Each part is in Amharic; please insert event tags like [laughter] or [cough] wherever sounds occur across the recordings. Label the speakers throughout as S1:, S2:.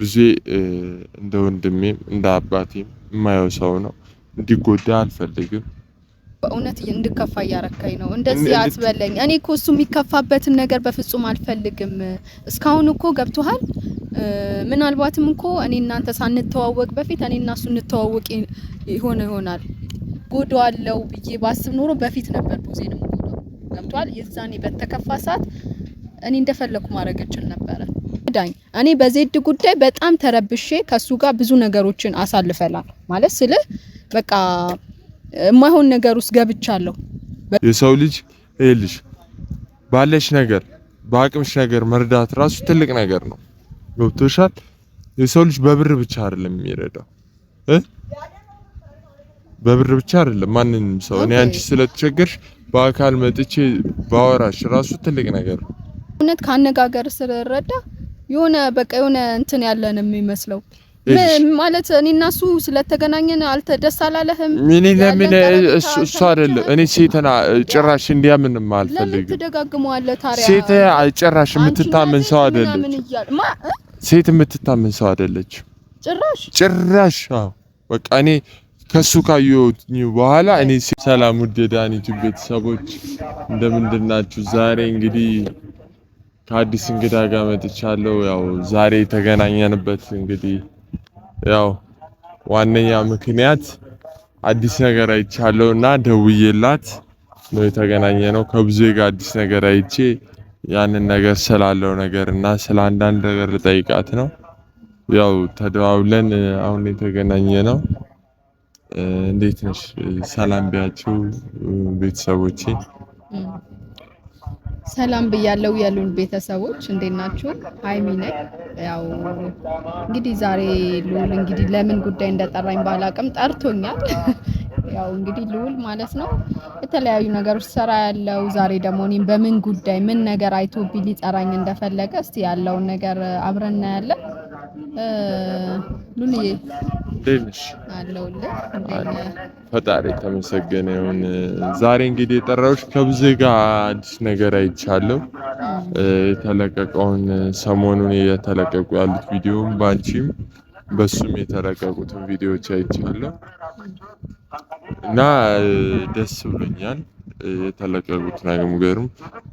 S1: ብዙ እንደ ወንድሜም እንደ አባቴም የማየው ሰው ነው። እንዲጎዳ አልፈልግም።
S2: በእውነት እንድከፋ እያረካኝ ነው። እንደዚህ አትበለኝ። እኔ እኮ እሱ የሚከፋበትን ነገር በፍጹም አልፈልግም። እስካሁን እኮ ገብቶሃል። ምናልባትም እኮ እኔ እናንተ ሳንተዋወቅ በፊት እኔ እና እንተዋወቅ የሆነ ይሆናል ጎዳዋለው ብዬ ባስብ ኖሮ በፊት ነበር ቡዜንም ገብቶሃል። የዛኔ በተከፋ ሰዓት እኔ እንደፈለኩ ማድረግ እችል ነበረ። ይጎዳኝ። እኔ በዜድ ጉዳይ በጣም ተረብሼ ከሱ ጋር ብዙ ነገሮችን አሳልፈላል ማለት ስልህ በቃ የማይሆን ነገር ውስጥ ገብቻለሁ።
S1: የሰው ልጅ ይኸውልሽ ባለሽ ነገር በአቅምሽ ነገር መርዳት ራሱ ትልቅ ነገር ነው። ገብቶሻል? የሰው ልጅ በብር ብቻ አይደለም የሚረዳው እ በብር ብቻ አይደለም ማንንም ሰው እኔ አንቺ ስለተቸገርሽ በአካል መጥቼ ባወራሽ ራሱ ትልቅ ነገር ነው።
S2: እውነት ከአነጋገር ስረዳ የሆነ በቃ የሆነ እንትን ያለን የሚመስለው ማለት እኔ እና እሱ ስለተገናኘን አልተ ደስ አላለህም?
S1: ምን ለምን እሱ አይደለም። እኔ ሴትና ጭራሽ እንዲያምንም አልፈልግም።
S2: ትደጋግመዋለህ። ታዲያ
S1: ሴት ጭራሽ የምትታመን ሰው አይደለች። ሴት የምትታመን ሰው አይደለች። ጭራሽ ጭራሽ። አዎ በቃ እኔ ከሱ ካየሁኝ በኋላ እኔ ሰላም ውድ የዳኒ ቤተሰቦች እንደምንድናችሁ? ዛሬ እንግዲህ ከአዲስ እንግዳ ጋር መጥቻለሁ። ያው ዛሬ የተገናኘንበት እንግዲህ ያው ዋነኛ ምክንያት አዲስ ነገር አይቻለሁ እና ደውዬላት ነው የተገናኘ ነው። ከብዙ ጋር አዲስ ነገር አይቼ ያንን ነገር ስላለው ነገር እና ስለ አንዳንድ ነገር ልጠይቃት ነው። ያው ተደዋውለን አሁን የተገናኘ ነው። እንዴት ነሽ? ሰላም ቢያችሁ ቤተሰቦቼ
S2: ሰላም ብያለው ያሉን ቤተሰቦች እንዴት ናችሁ? ሀይሚ ነኝ። ያው እንግዲህ ዛሬ ልውል እንግዲህ ለምን ጉዳይ እንደጠራኝ ባላቅም ጠርቶኛል። [laughs] ያው እንግዲህ ልውል ማለት ነው የተለያዩ ነገሮች ስራ ያለው ዛሬ ደግሞ እኔም በምን ጉዳይ ምን ነገር አይቶብኝ ሊጠራኝ እንደፈለገ እስቲ ያለውን ነገር አብረን እናያለን። ሉልዬ
S1: እንዴት ነሽ? ፈጣሪ የተመሰገነ ይሁን። ዛሬ እንግዲህ የጠራሁሽ ከብዙ ጋር አዲስ ነገር አይቻለሁ። የተለቀቀውን ሰሞኑን እየተለቀቁ ያሉት ቪዲዮም በአንቺም በሱም የተለቀቁትን ቪዲዮዎች አይቻለሁ እና ደስ ብሎኛል። የተለቀቁት ነገሩም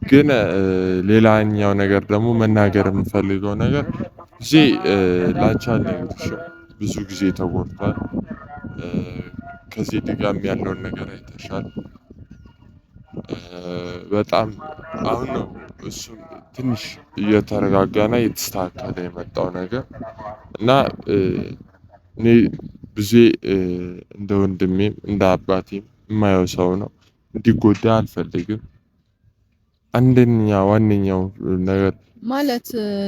S1: ግን ሌላኛው ነገር ደግሞ መናገር የምፈልገው ነገር ጊዜ ላንቺ አልነግርሽም ብዙ ጊዜ ተጎድቷል። ከዚህ ድጋሚ ያለውን ነገር አይተሻል። በጣም አሁን ነው እሱም ትንሽ እየተረጋጋና እየተስተካከለ የመጣው ነገር እና እኔ ብዙ እንደ ወንድሜም እንደ አባቴም የማየው ሰው ነው። እንዲጎዳ አልፈልግም። አንደኛ ዋነኛው ነገር
S2: ማለት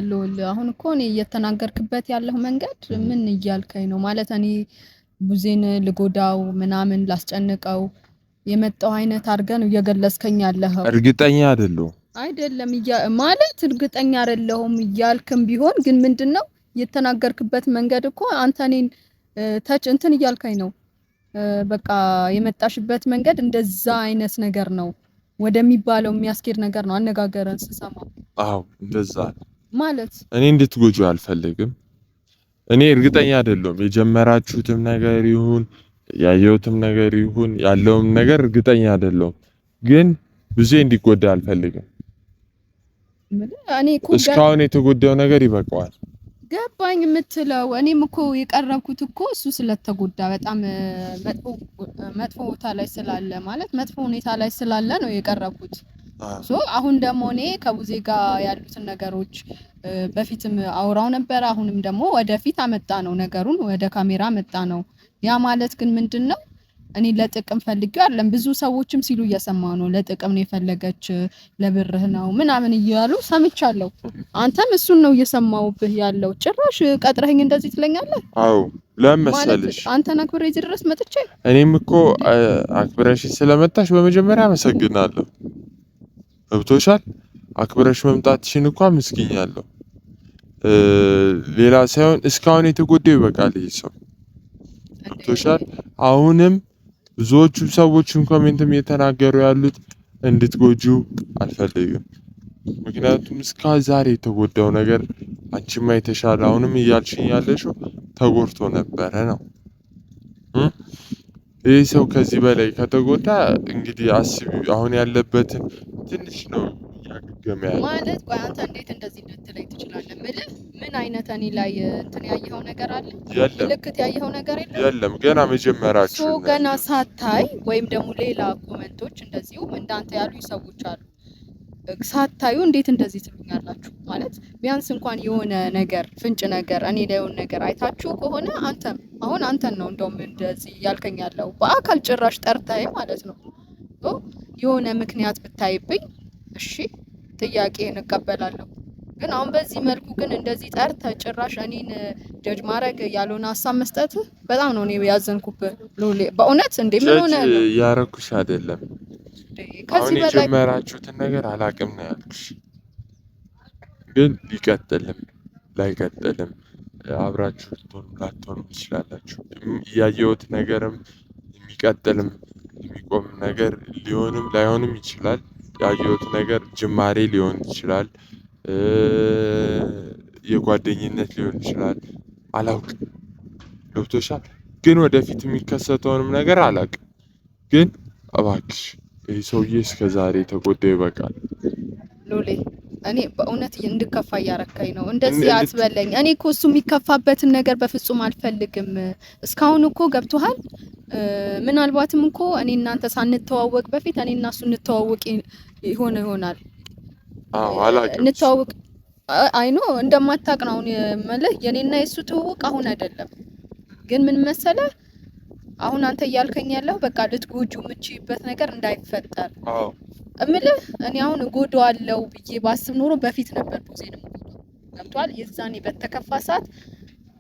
S2: ሎል አሁን እኮ እኔ እየተናገርክበት ያለው መንገድ ምን እያልከኝ ነው? ማለት እኔ ቡዜን ልጎዳው ምናምን ላስጨንቀው የመጣው አይነት አድርገህ ነው እየገለጽከኝ ያለኸው።
S1: እርግጠኛ አይደለሁም
S2: አይደለም ማለት እርግጠኛ አይደለሁም እያልክም ቢሆን ግን ምንድን ነው የተናገርክበት መንገድ እኮ አንተ እኔን ተች እንትን እያልከኝ ነው። በቃ የመጣሽበት መንገድ እንደዛ አይነት ነገር ነው ወደሚባለው የሚያስኬድ ነገር ነው አነጋገርን ስሰማ
S1: አዎ እንደዛ ማለት እኔ እንድትጎጁ አልፈልግም። እኔ እርግጠኛ አይደለሁም የጀመራችሁትም ነገር ይሁን ያየሁትም ነገር ይሁን ያለውም ነገር እርግጠኛ አይደለሁም፣ ግን ብዙ እንዲጎዳ አልፈልግም። እስካሁን የተጎዳው ነገር ይበቃዋል።
S2: ገባኝ የምትለው እኔም እኮ የቀረብኩት እኮ እሱ ስለተጎዳ በጣም መጥፎ ቦታ ላይ ስላለ ማለት መጥፎ ሁኔታ ላይ ስላለ ነው የቀረብኩት። አሁን ደግሞ እኔ ከቡዜ ጋር ያሉትን ነገሮች በፊትም አውራው ነበር። አሁንም ደግሞ ወደፊት አመጣ ነው ነገሩን ወደ ካሜራ አመጣ ነው። ያ ማለት ግን ምንድን ነው እኔ ለጥቅም ፈልጌው አለም ብዙ ሰዎችም ሲሉ እየሰማ ነው። ለጥቅም ነው የፈለገች ለብርህ ነው ምናምን እያሉ ሰምቻለሁ። አንተም እሱን ነው እየሰማውብህ ያለው። ጭራሽ ቀጥረህኝ እንደዚህ ትለኛለህ?
S1: አዎ ለምን መሰለሽ
S2: አንተን አክብሬ እዚህ ድረስ መጥቼ
S1: እኔም እኮ አክብረሽ ስለመጣሽ በመጀመሪያ አመሰግናለሁ። ገብቶሻል አክብረሽ መምጣትሽን እኮ አመስግኛለሁ። ሌላ ሳይሆን እስካሁን የተጎዳው ይበቃል ይህ ሰው ገብቶሻል። አሁንም ብዙዎቹ ሰዎችን ኮሜንትም እየተናገሩ ያሉት እንድትጎጁ አልፈልግም። ምክንያቱም እስከ ዛሬ የተጎዳው ነገር አንቺማ የተሻለ አሁንም እያልሽኝ ያለሽው ተጎድቶ ነበረ ነው። ይህ ሰው ከዚህ በላይ ከተጎዳ እንግዲህ አስቢ አሁን ያለበትን ትንሽ ነው
S2: እያገገመ ያለ ማለት። ቆይ አንተ እንዴት እንደዚህ ልትለይ ትችላለህ? ምልህ ምን አይነት እኔ ላይ እንትን ያየኸው ነገር አለ? ምልክት ያየኸው ነገር
S1: የለም? የለም ገና መጀመራችሁ
S2: ገና ሳታይ ወይም ደግሞ ሌላ ኮመንቶች እንደዚሁ እንዳንተ ያሉ ሰዎች አሉ። ሳታዩ እንዴት እንደዚህ ትሉኛላችሁ? ማለት ቢያንስ እንኳን የሆነ ነገር ፍንጭ ነገር እኔ ላይ የሆነ ነገር አይታችሁ ከሆነ አንተም አሁን አንተን ነው እንደውም እንደዚህ ያልከኝ ያለው በአካል ጭራሽ ጠርታይ ማለት ነው የሆነ ምክንያት ብታይብኝ እሺ ጥያቄን እቀበላለሁ። ግን አሁን በዚህ መልኩ ግን እንደዚህ ጠርተህ ጭራሽ እኔን ጀጅ ማድረግ ያልሆነ ሀሳብ መስጠት በጣም ነው እኔ ያዘንኩብህ። ሎሌ በእውነት እንዴ
S1: ምን ሆነ ያረኩሽ አይደለም። ከዚህ በላይ የጀመራችሁትን ነገር አላቅም ነው ያልኩሽ። ግን ሊቀጥልም ላይቀጥልም አብራችሁ ልትሆኑ ላትሆኑ ትችላላችሁ። እያየሁት ነገርም የሚቀጥልም የሚቆም ነገር ሊሆንም ላይሆንም ይችላል። ያየሁት ነገር ጅማሬ ሊሆን ይችላል። የጓደኝነት ሊሆን ይችላል አላውቅም። ገብቶሻል ግን ወደፊት የሚከሰተውንም ነገር አላውቅም። ግን እባክሽ ይህ ሰውዬ እስከዛሬ የተጎዳው ይበቃል።
S2: ሎሌ እኔ በእውነት እንድከፋ እያረካኝ ነው። እንደዚህ አትበለኝ። እኔ እኮ እሱ የሚከፋበትን ነገር በፍጹም አልፈልግም። እስካሁን እኮ ገብቶሃል። ምናልባትም እኮ እኔ እናንተ ሳንተዋወቅ በፊት እኔ እና እሱ እንተዋወቅ ይሆን ይሆናል። እንተዋወቅ አይኖ እንደማታቅ ነው መልህ። የኔና የእሱ ትውውቅ አሁን አይደለም ግን ምን መሰለ አሁን አንተ እያልከኝ ያለው በቃ ልትጎጁ የምችይበት ነገር እንዳይፈጠር እምልህ እኔ አሁን እጎዳዋለሁ ብዬ ባስብ ኖሮ በፊት ነበር ጊዜ ነው ገብቷል። የዛኔ በተከፋ ሰዓት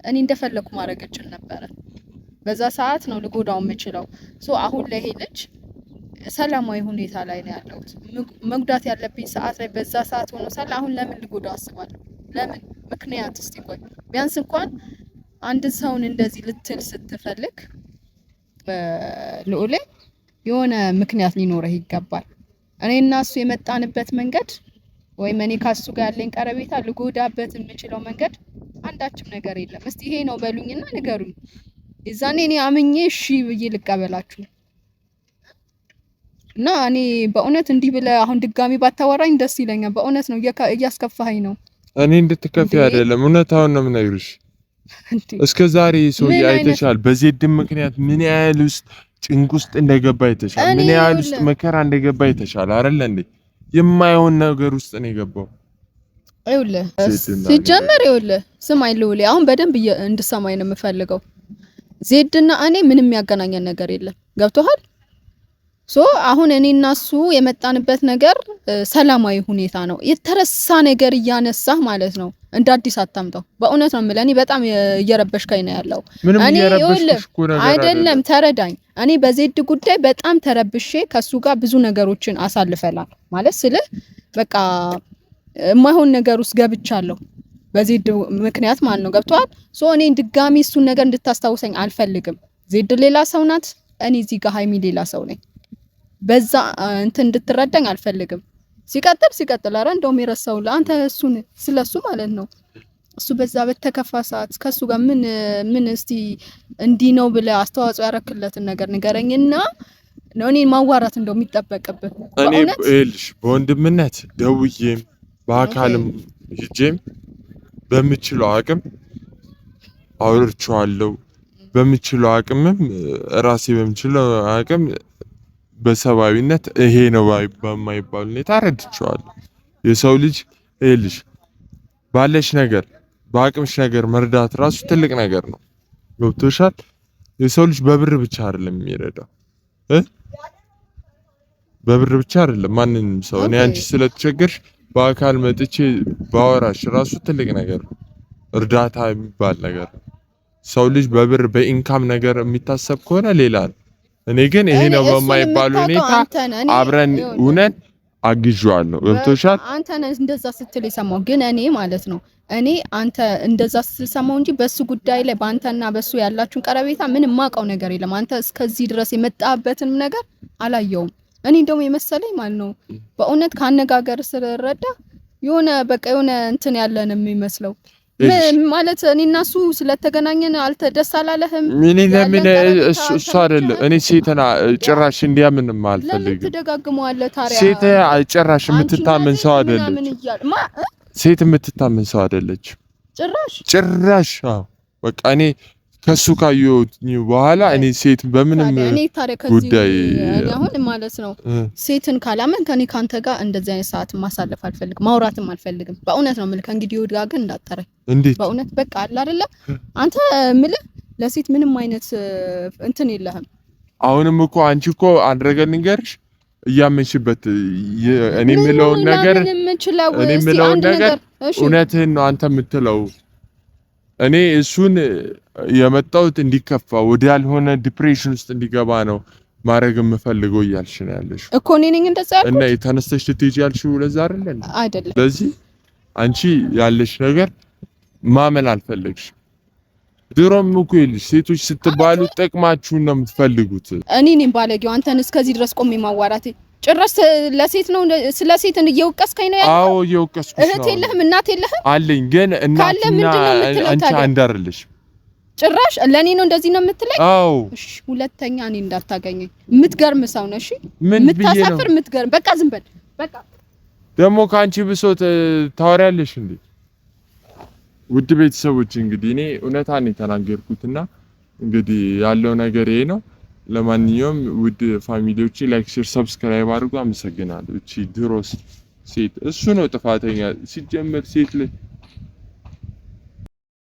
S2: እኔ እንደፈለኩ ማድረግ እችል ነበረ። በዛ ሰዓት ነው ልጎዳው የምችለው። ሶ አሁን ላይ ይሄ ልጅ ሰላማዊ ሁኔታ ላይ ነው ያለሁት። መጉዳት ያለብኝ ሰዓት ላይ በዛ ሰዓት ሆኖ ሳለ አሁን ለምን ልጎዳው አስባለሁ? ለምን ምክንያት ውስጥ ይቆይ። ቢያንስ እንኳን አንድ ሰውን እንደዚህ ልትል ስትፈልግ ልዑሌ የሆነ ምክንያት ሊኖረህ ይገባል። እኔ እና እሱ የመጣንበት መንገድ ወይም እኔ ካሱ ጋር ያለኝ ቀረቤታ ልጎዳበት የምችለው መንገድ አንዳችም ነገር የለም። እስቲ ይሄ ነው በሉኝና ንገሩኝ። የዛኔ እኔ አምኜ እሺ ብዬ ልቀበላችሁ እና እኔ በእውነት እንዲህ ብለ አሁን ድጋሚ ባታወራኝ ደስ ይለኛል። በእውነት ነው እያስከፋኸኝ ነው።
S1: እኔ እንድትከፊ አይደለም፣ እውነታውን ነው የምነግርሽ። እስከ ዛሬ ሰውዬ አይተሻል። በዜድም ምክንያት ምን ያህል ውስጥ ጭንቅ ውስጥ እንደገባ ይተሻል። ምን ያህል ውስጥ መከራ እንደገባ ይተሻል አይደለ እንዴ? የማይሆን ነገር ውስጥ ነው የገባው።
S2: ይኸውልህ ሲጀመር ይውለ ስም አይልውል። አሁን በደንብ እንድሰማኝ ነው የምፈልገው። ዜድና እኔ ምንም የሚያገናኘን ነገር የለም። ገብቶሃል? ሶ አሁን እኔ እና እሱ የመጣንበት ነገር ሰላማዊ ሁኔታ ነው። የተረሳ ነገር እያነሳህ ማለት ነው እንደ አዲስ አታምጣው። በእውነት ነው የምልህ። እኔ በጣም እየረበሽካኝ ነው ያለው። አይደለም ተረዳኝ። እኔ በዜድ ጉዳይ በጣም ተረብሼ ከሱ ጋር ብዙ ነገሮችን አሳልፈላል ማለት ስልህ በቃ የማይሆን ነገር ውስጥ ገብቻለሁ በዜድ ምክንያት ማለት ነው። ገብቷል። ሶ እኔ ድጋሚ እሱን ነገር እንድታስታውሰኝ አልፈልግም። ዜድ ሌላ ሰው ናት፣ እኔ እዚህ ጋር ሀይሚ ሌላ ሰው ነኝ። በዛ እንትን እንድትረዳኝ አልፈልግም። ሲቀጥል ሲቀጥል አረ እንደውም የረሳው ለአንተ እሱን ስለሱ ማለት ነው። እሱ በዛ በተከፋ ሰዓት ከሱ ጋር ምን ምን እስቲ እንዲህ ነው ብለህ አስተዋጽኦ ያረክለትን ነገር ንገረኝና ነው እኔ ማዋራት እንደው የሚጠበቅብህ።
S1: እኔ ይኸውልሽ በወንድምነት ደውዬም በአካልም ሂጄም በምችለው አቅም አውርቼዋለሁ። በምችለው አቅምም ራሴ በምችለው አቅም በሰብአዊነት ይሄ ነው በማይባል ሁኔታ ረድቸዋል። የሰው ልጅ ይኸውልሽ ባለሽ ነገር በአቅምሽ ነገር መርዳት ራሱ ትልቅ ነገር ነው። ገብቶሻል? የሰው ልጅ በብር ብቻ አይደለም የሚረዳው እ በብር ብቻ አይደለም ማንንም ሰው እኔ አንቺ ስለተቸገርሽ በአካል መጥቼ ባወራሽ ራሱ ትልቅ ነገር ነው። እርዳታ የሚባል ነገር ሰው ልጅ በብር በኢንካም ነገር የሚታሰብ ከሆነ ሌላ ነው። እኔ ግን ይሄ ነው በማይባል ሁኔታ አብረን እውነት አግዤዋለሁ። ገብቶሻል?
S2: አንተ እንደዛ ስትል የሰማው ግን እኔ ማለት ነው እኔ አንተ እንደዛ ስትል ሰማው እንጂ በሱ ጉዳይ ላይ በአንተና በሱ ያላችሁን ቀረቤታ ምን የማውቀው ነገር የለም። አንተ እስከዚህ ድረስ የመጣበትንም ነገር አላየውም። እኔ እንደውም የመሰለኝ ማለት ነው በእውነት ከአነጋገር ስረዳ የሆነ በቃ የሆነ እንትን ያለን የሚመስለው ማለት እኔ እና እሱ ስለተገናኘን አልተ ደስ አላለህም?
S1: እኔ ለምን እሱ አይደለም። እኔ ሴትና ጭራሽ እንዲያምንም አልፈልግም።
S2: ትደጋግመዋለህ ታዲያ።
S1: ሴት ጭራሽ የምትታመን ሰው አይደለች። ሴት የምትታመን ሰው አይደለች ጭራሽ ጭራሽ። በቃ እኔ ከሱ ካየሁኝ በኋላ እኔ ሴት በምንም
S2: ጉዳይ አሁን ማለት ነው ሴትን ካላመን ከኔ ካንተ ጋር እንደዚህ አይነት ሰዓት ማሳለፍ አልፈልግም፣ ማውራትም አልፈልግም። በእውነት ነው የምልህ። ከእንግዲህ ወዲያ ግን እንዳጠረ እንዴት በእውነት በቃ አለ አይደለ አንተ የምልህ ለሴት ምንም አይነት እንትን የለህም።
S1: አሁንም እኮ አንቺ እኮ አድረገ ንገርሽ እያመንሽበት እኔ የምለውን ነገር
S2: እኔ የምለውን ነገር
S1: እውነትህን ነው አንተ የምትለው እኔ እሱን የመጣሁት እንዲከፋ ወደ ያልሆነ ዲፕሬሽን ውስጥ እንዲገባ ነው ማድረግ የምፈልገው እያልሽ ነው ያለሽ
S2: እኮ እኔ ነኝ እንደዛ ያልኩት።
S1: እና የተነስተሽ ልትሄጂ ያልሽው ለዛ አይደለ? አይደለም። ስለዚህ አንቺ ያለሽ ነገር ማመን አልፈለግሽም። ድሮም እኮ ይኸውልሽ ሴቶች ስትባሉ ጥቅማችሁን ነው የምትፈልጉት።
S2: እኔ ነኝ ባለጌው አንተን እስከዚህ ድረስ ቆሜ ማዋራቴ ጭራሽ ለሴት ነው ስለ ሴት እየወቀስከኝ ነው
S1: ያለው? አዎ እየወቀስኩሽ
S2: ነው። እህት የለህም እናት የለህም?
S1: አለኝ ግን እናትና አንቺ አንድ አይደለሽ።
S2: ጭራሽ ለኔ ነው እንደዚህ ነው የምትለኝ? አዎ። እሺ ሁለተኛ እኔ እንዳታገኘኝ። የምትገርም ሰው ነው። እሺ የምታሳፍር የምትገርም። በቃ ዝም በል በቃ።
S1: ደግሞ ከአንቺ ብሶት ታወሪያለሽ እንዴ? ውድ ቤተሰቦች እንግዲህ እኔ እውነታን የተናገርኩትና እንግዲህ ያለው ነገር ይሄ ነው። ለማንኛውም ውድ ፋሚሊዎች ላይክ፣ ሼር፣ ሰብስክራይብ አድርጉ። አመሰግናለሁ። እቺ ድሮስ ሴት እሱ ነው ጥፋተኛ ሲጀመር ሴት ላይ